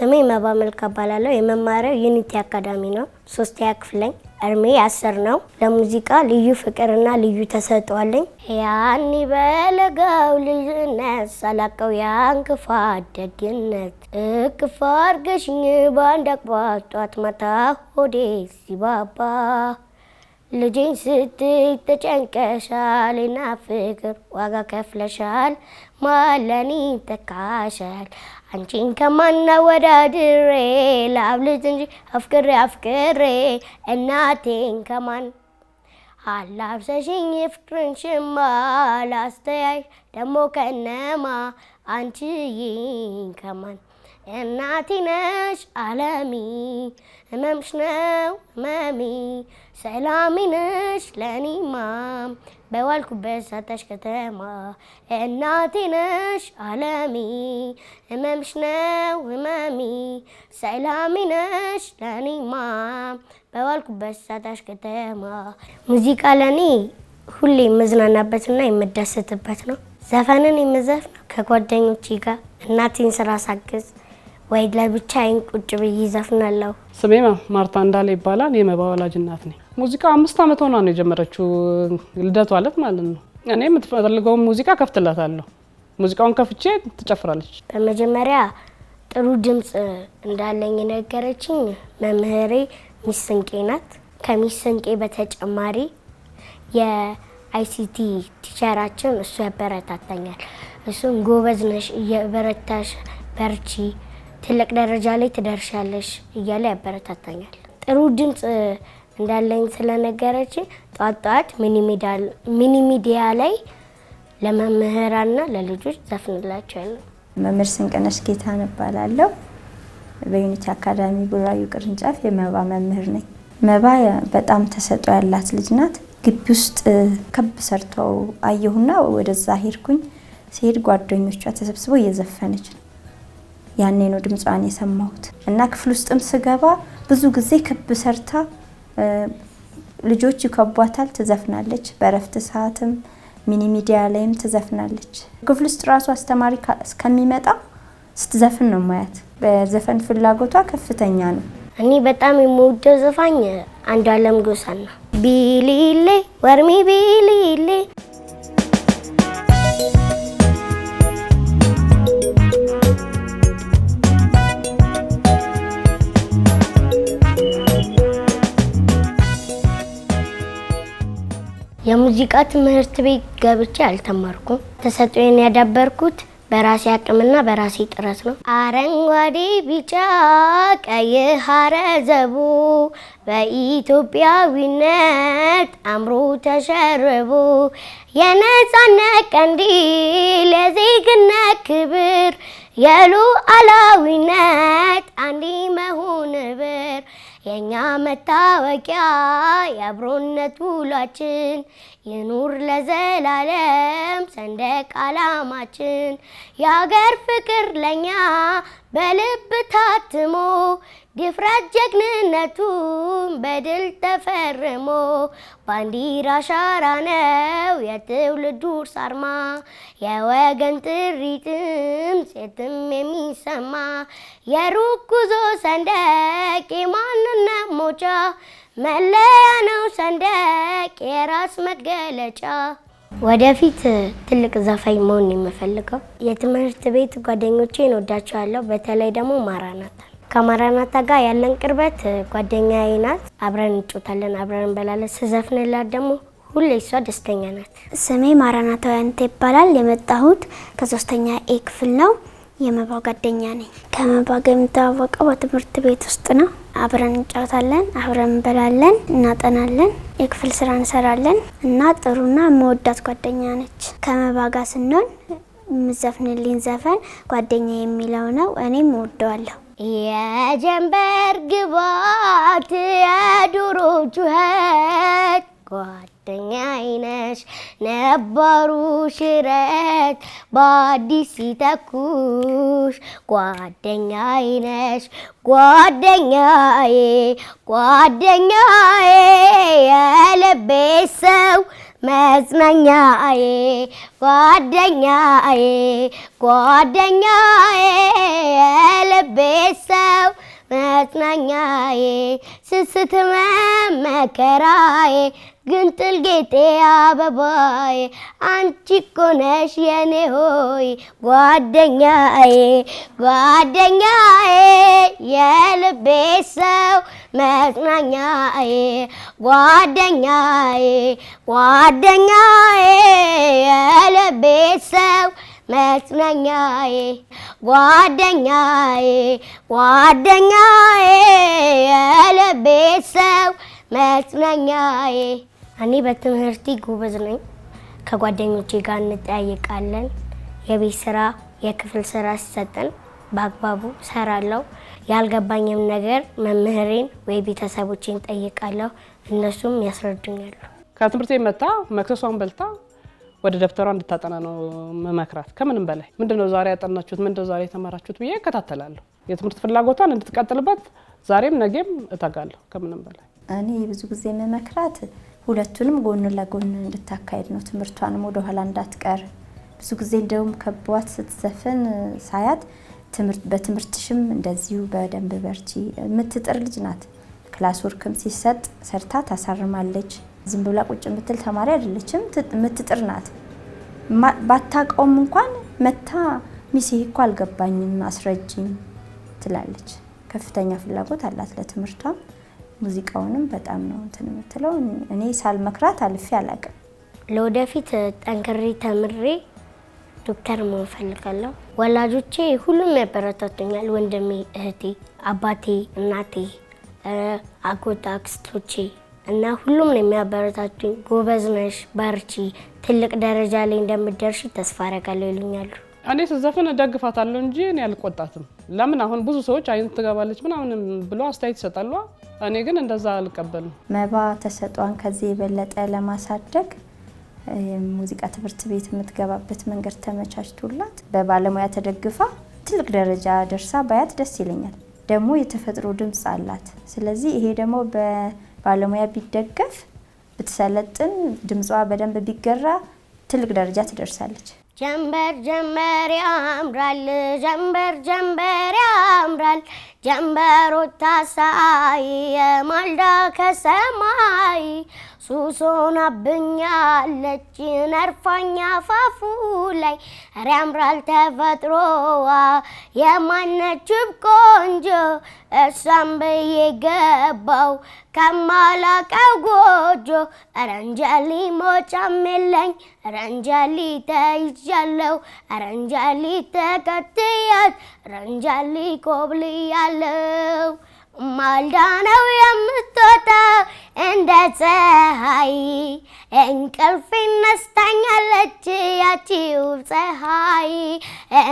ስሜ መባ መልክ እባላለሁ። የመማሪያው ዩኒቲ አካዳሚ ነው። ሶስተኛ ክፍል ነኝ። እድሜ አስር ነው። ለሙዚቃ ልዩ ፍቅርና ልዩ ተሰጥቷለኝ። ያኒ በለጋው ልጅነት ሳላቀው ያን ክፋት ደግነት እቅፍ አድርገሽኝ በአንድ አቅባት ጧት ማታ ሆዴ ሲባባ ልጅኝ ስትይ ተጨንቀሻል እና ፍቅር ዋጋ ከፍለሻል ማለኒ ተካሻል አንቺን ከማናወዳድሬ ላብልት እንጂ አፍቅሬ አፍቅሬ እናቴን ከማን አላብሰሽኝ የፍቅርን ሽማ ላስተያይሽ ደግሞ ከነማ አንቺን ከማን እናቴ ነሽ አለሚ ህመምሽ ነው ህመሜ ሰላሜ ነሽ ለእኔማ በዋልኩበት ሳታሽ ከተማ እናቴ ነሽ አለሚ ህመምሽ ነው ህመሚ ሰላሚ ነሽ ለኔማ በዋልኩበት ሳታሽ ከተማ። ሙዚቃ ለኔ ሁሌ የምዝናናበትና የምደሰትበት ነው። ዘፈንን የምዘፍነው ከጓደኞቼ ጋር እናቴን ስራ ሳግዝ ወይ ለብቻዬን ቁጭ ብዬ ይዘፍናለሁ። ስሜ ማርታ እንዳለ ይባላል። የመባ ወላጅ እናት ነኝ። ሙዚቃ አምስት ዓመት ሆኗ ነው የጀመረችው ልደቷ ዕለት ማለት ነው። እኔ የምትፈልገውን ሙዚቃ ከፍትላታለሁ። ሙዚቃውን ከፍቼ ትጨፍራለች። በመጀመሪያ ጥሩ ድምፅ እንዳለኝ ነገረችኝ መምህሬ ሚስ ስንቄ ናት። ከሚስ ስንቄ በተጨማሪ የአይሲቲ ቲቸራችን እሱ ያበረታታኛል። እሱም ጎበዝ ነሽ፣ እየበረታሽ በርቺ ትልቅ ደረጃ ላይ ትደርሻለሽ እያለ ያበረታታኛል። ጥሩ ድምፅ እንዳለኝ ስለነገረች ጧት ጧት ሚኒ ሚዲያ ላይ ለመምህራንና ለልጆች ዘፍንላቸዋል። መምህር ስንቅነሽ ጌታ እባላለሁ። በዩኒቲ አካዳሚ ቡራዩ ቅርንጫፍ የመባ መምህር ነኝ። መባ በጣም ተሰጥኦ ያላት ልጅ ናት። ግቢ ውስጥ ከብ ሰርተው አየሁና ወደዛ ሄድኩኝ። ሲሄድ ጓደኞቿ ተሰብስበው እየዘፈነች ነው ያኔ ነው ድምጿን የሰማሁት። እና ክፍል ውስጥም ስገባ ብዙ ጊዜ ክብ ሰርታ ልጆች ይከቧታል፣ ትዘፍናለች። በእረፍት ሰዓትም ሚኒ ሚዲያ ላይም ትዘፍናለች። ክፍል ውስጥ ራሱ አስተማሪ እስከሚመጣ ስትዘፍን ነው ማያት። በዘፈን ፍላጎቷ ከፍተኛ ነው። እኔ በጣም የምወደው ዘፋኝ አንዷለም ጎሳን ነው። ቢሊሌ ወርሚ ቢሊሌ ሙዚቃ ትምህርት ቤት ገብቼ አልተማርኩም። ተሰጥኦን ያዳበርኩት በራሴ አቅምና በራሴ ጥረት ነው። አረንጓዴ ቢጫ ቀይ ሀረዘቡ በኢትዮጵያዊነት አምሮ ተሸርቦ የነጻነት ቀንዲል የዜግነት ክብር የሉዓላዊነት አንድ መሆን ብር የእኛ መታወቂያ የአብሮነት ውሏችን ይኑር ለዘላለም ሰንደቅ ዓላማችን የሀገር ፍቅር ለእኛ በልብ ታትሞ ድፍረት ጀግንነቱን በድል ተፈርሞ ባንዲራ አሻራ ነው የትውልዱ ውርስ አርማ የወገን ጥሪትም ሴትም የሚሰማ የሩቅ ጉዞ ሰንደቅ የማንነት መውጫ መለያ ነው ሰንደቅ የራስ መገለጫ ወደፊት ትልቅ ዘፋኝ መሆን የምፈልገው። የትምህርት ቤት ጓደኞቼን ወዳቸዋለሁ። በተለይ ደግሞ ማራናታ ከማራናታ ጋር ያለን ቅርበት ጓደኛዬ ናት። አብረን እንጮታለን፣ አብረን እንበላለን። ስዘፍንላት ደግሞ ሁሌ እሷ ደስተኛ ናት። ስሜ ማራናታውያንተ ይባላል። የመጣሁት ከሶስተኛ ኤ ክፍል ነው። የመባ ጓደኛ ነኝ። ከመባጋ ጋር በትምህርት ቤት ውስጥ ነው። አብረን እንጫወታለን፣ አብረን እንበላለን፣ እናጠናለን፣ የክፍል ስራ እንሰራለን እና ጥሩና መወዳት ጓደኛ ነች። ከመባ ጋር ስንሆን የምዘፍንልኝ ዘፈን ጓደኛ የሚለው ነው። እኔም እወደዋለሁ። የጀንበር ግባት የዱሮ ጩኸት ጓደኛ አይነሽ ነባሩ ሽረት በአዲስ ሲተኩሽ ጓደኛ አይነሽ ጓደኛዬ ጓደኛዬ የልቤ ሰው መጽናኛዬ ጓደኛዬ ጓደኛዬ የልቤ ሰው መጽናኛዬ ስስትመ መከራዬ ግንጥል ጌጤ አበባዬ አንቺ እኮ ነሽ የኔ ሆይ ጓደኛዬ ጓደኛዬ የልቤ ሰው መጽናኛዬ ጓደኛዬ ጓደኛዬ የልቤ ሰው መጽናኛዬ ጓደኛዬ ጓደኛዬ የልቤ ሰው መጽናኛዬ እኔ በትምህርቴ ጎበዝ ነኝ። ከጓደኞቼ ጋር እንጠያየቃለን። የቤት ስራ፣ የክፍል ስራ ሲሰጠን በአግባቡ ሰራለሁ። ያልገባኝም ነገር መምህሬን ወይ ቤተሰቦቼን ጠይቃለሁ፣ እነሱም ያስረዱኛሉ። ከትምህርት ቤት መታ መክሰሷን በልታ ወደ ደብተሯ እንድታጠና ነው መመክራት። ከምንም በላይ ምንድነው ዛሬ ያጠናችሁት፣ ምንድነው ዛሬ የተማራችሁት ብዬ እከታተላለሁ። የትምህርት ፍላጎቷን እንድትቀጥልበት ዛሬም ነገም እተጋለሁ። ከምንም በላይ እኔ ብዙ ጊዜ መመክራት ሁለቱንም ጎን ለጎን እንድታካሄድ ነው። ትምህርቷንም ወደኋላ እንዳትቀር። ብዙ ጊዜ እንደውም ከቧት ስትዘፍን ሳያት በትምህርትሽም እንደዚሁ በደንብ በርቺ የምትጥር ልጅ ናት። ክላስ ወርክም ሲሰጥ ሰርታ ታሳርማለች። ዝም ብላ ቁጭ የምትል ተማሪ አይደለችም። የምትጥር ናት። ባታውቀውም እንኳን መታ ሚስ ይሄ እኮ አልገባኝም አስረጅኝ ትላለች። ከፍተኛ ፍላጎት አላት ለትምህርቷም ሙዚቃውንም በጣም ነው እንትን የምትለው። እኔ ሳልመክራት አልፌ አላቅም። ለወደፊት ጠንክሬ ተምሬ ዶክተር መሆን እፈልጋለሁ። ወላጆቼ ሁሉም ያበረታቱኛል። ወንድሜ፣ እህቴ፣ አባቴ፣ እናቴ፣ አጎት፣ አክስቶቼ እና ሁሉም ነው የሚያበረታቱኝ። ጎበዝ ነሽ፣ በርቺ፣ ትልቅ ደረጃ ላይ እንደምደርሽ ተስፋ አደርጋለሁ ይሉኛሉ። እኔ ስዘፍን እደግፋታለሁ እንጂ እኔ አልቆጣትም። ለምን አሁን ብዙ ሰዎች አይነት ትገባለች ምናምን ብሎ አስተያየት ይሰጣሉ። እኔ ግን እንደዛ አልቀበልም። መባ ተሰጧን ከዚህ የበለጠ ለማሳደግ ሙዚቃ ትምህርት ቤት የምትገባበት መንገድ ተመቻችቶላት በባለሙያ ተደግፋ ትልቅ ደረጃ ደርሳ ባያት ደስ ይለኛል። ደግሞ የተፈጥሮ ድምፅ አላት። ስለዚህ ይሄ ደግሞ በባለሙያ ቢደገፍ ብትሰለጥን፣ ድምጿ በደንብ ቢገራ ትልቅ ደረጃ ትደርሳለች። ጀንበር ጀንበር ያምራል ጀንበር ጀንበር ያምራል ጀንበሮታ ሳይ የማልዳ ከሰማይ ሱሶን አብኛለች ነርፋኛ ፋፉ ላይ ኧረ ያምራል ተፈጥሮዋ የማነችብ ቆንጆ እሷን ብዬ ገባው ከማላቀው ጎጆ ረንጃሊ ሞጫም የለኝ ረንጃሊ ተይዣለው ረንጃሊ ተከትያት ረንጃሊ ኮብልያለው ማልዳ ነው የምትወጣ ከፀሐይ እንቅልፍ ነስታኛለች ያቺው ፀሐይ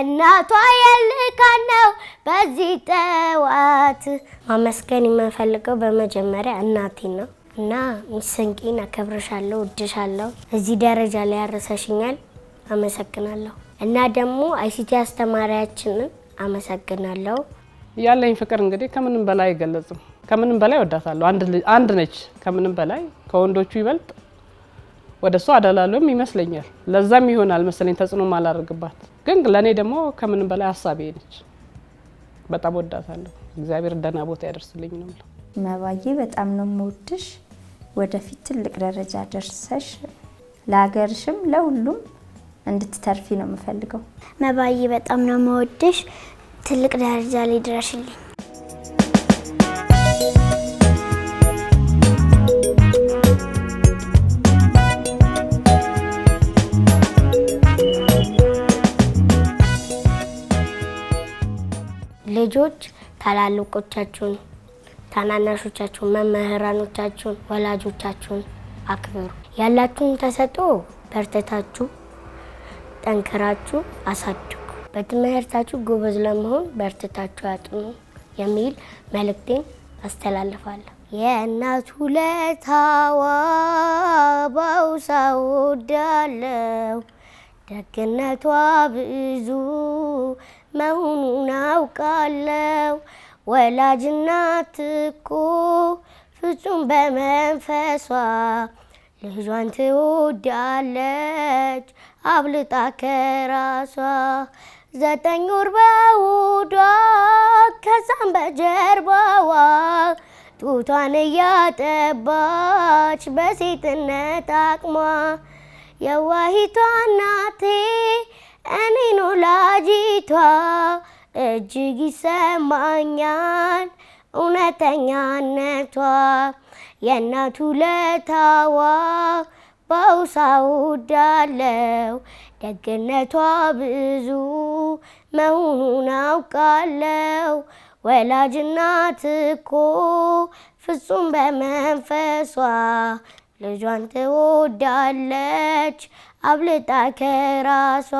እናቷ የልካን ነው በዚህ ጠዋት ማመስገን የምንፈልገው በመጀመሪያ እናቴ ነው እና ሚሰንቂን አከብርሻለሁ፣ እድሻለሁ፣ እዚህ ደረጃ ላይ ያረሰሽኛል፣ አመሰግናለሁ። እና ደግሞ አይሲቲ አስተማሪያችንን አመሰግናለሁ። ያለኝ ፍቅር እንግዲህ ከምንም በላይ አይገለጽም። ከምንም በላይ ወዳታለሁ። አንድ ነች። ከምንም በላይ ከወንዶቹ ይበልጥ ወደ እሷ አደላለም ይመስለኛል። ለዛም ይሆናል መሰለኝ ተጽዕኖ ማላደርግባት። ግን ለእኔ ደግሞ ከምንም በላይ ሀሳቤ ነች። በጣም ወዳታለሁ። እግዚአብሔር ደህና ቦታ ያደርስልኝ ነው። መባዬ በጣም ነው የምወድሽ። ወደፊት ትልቅ ደረጃ ደርሰሽ ለሀገርሽም ለሁሉም እንድትተርፊ ነው የምፈልገው። መባዬ በጣም ነው የምወድሽ። ትልቅ ደረጃ ላይ ድረሽልኝ። ልጆች ታላልቆቻችሁን፣ ታናናሾቻችሁን፣ መምህራኖቻችሁን፣ ወላጆቻችሁን አክብሩ። ያላችሁን ተሰጦ በርተታችሁ፣ ጠንክራችሁ አሳድጉ። በትምህርታችሁ ጎበዝ ለመሆን በርተታችሁ አጥኑ የሚል መልእክቴን አስተላልፋለሁ። የእናቱ ለታዋባው ሰው ደግነቷ ብዙ መሆኑን አውቃለሁ። ወላጅ እናት እኮ ፍጹም በመንፈሷ ልጇን ትወዳለች አብልጣ ከራሷ። ዘጠኝ ወር በውዷ ከዛም በጀርባዋ ጡቷን እያጠባች በሴትነት አቅሟ የዋሂቷ እናቴ እኔን ወላጂቷ እጅግ ይሰማኛል እውነተኛነቷ የእናቱ ለታዋ ባውሳ ውዳለው ደግነቷ ብዙ መሆኑን አውቃለው። ወላጅ እኮ ፍጹም በመንፈሷ ልጇን ትወዳለች አብልጣ ከራሷ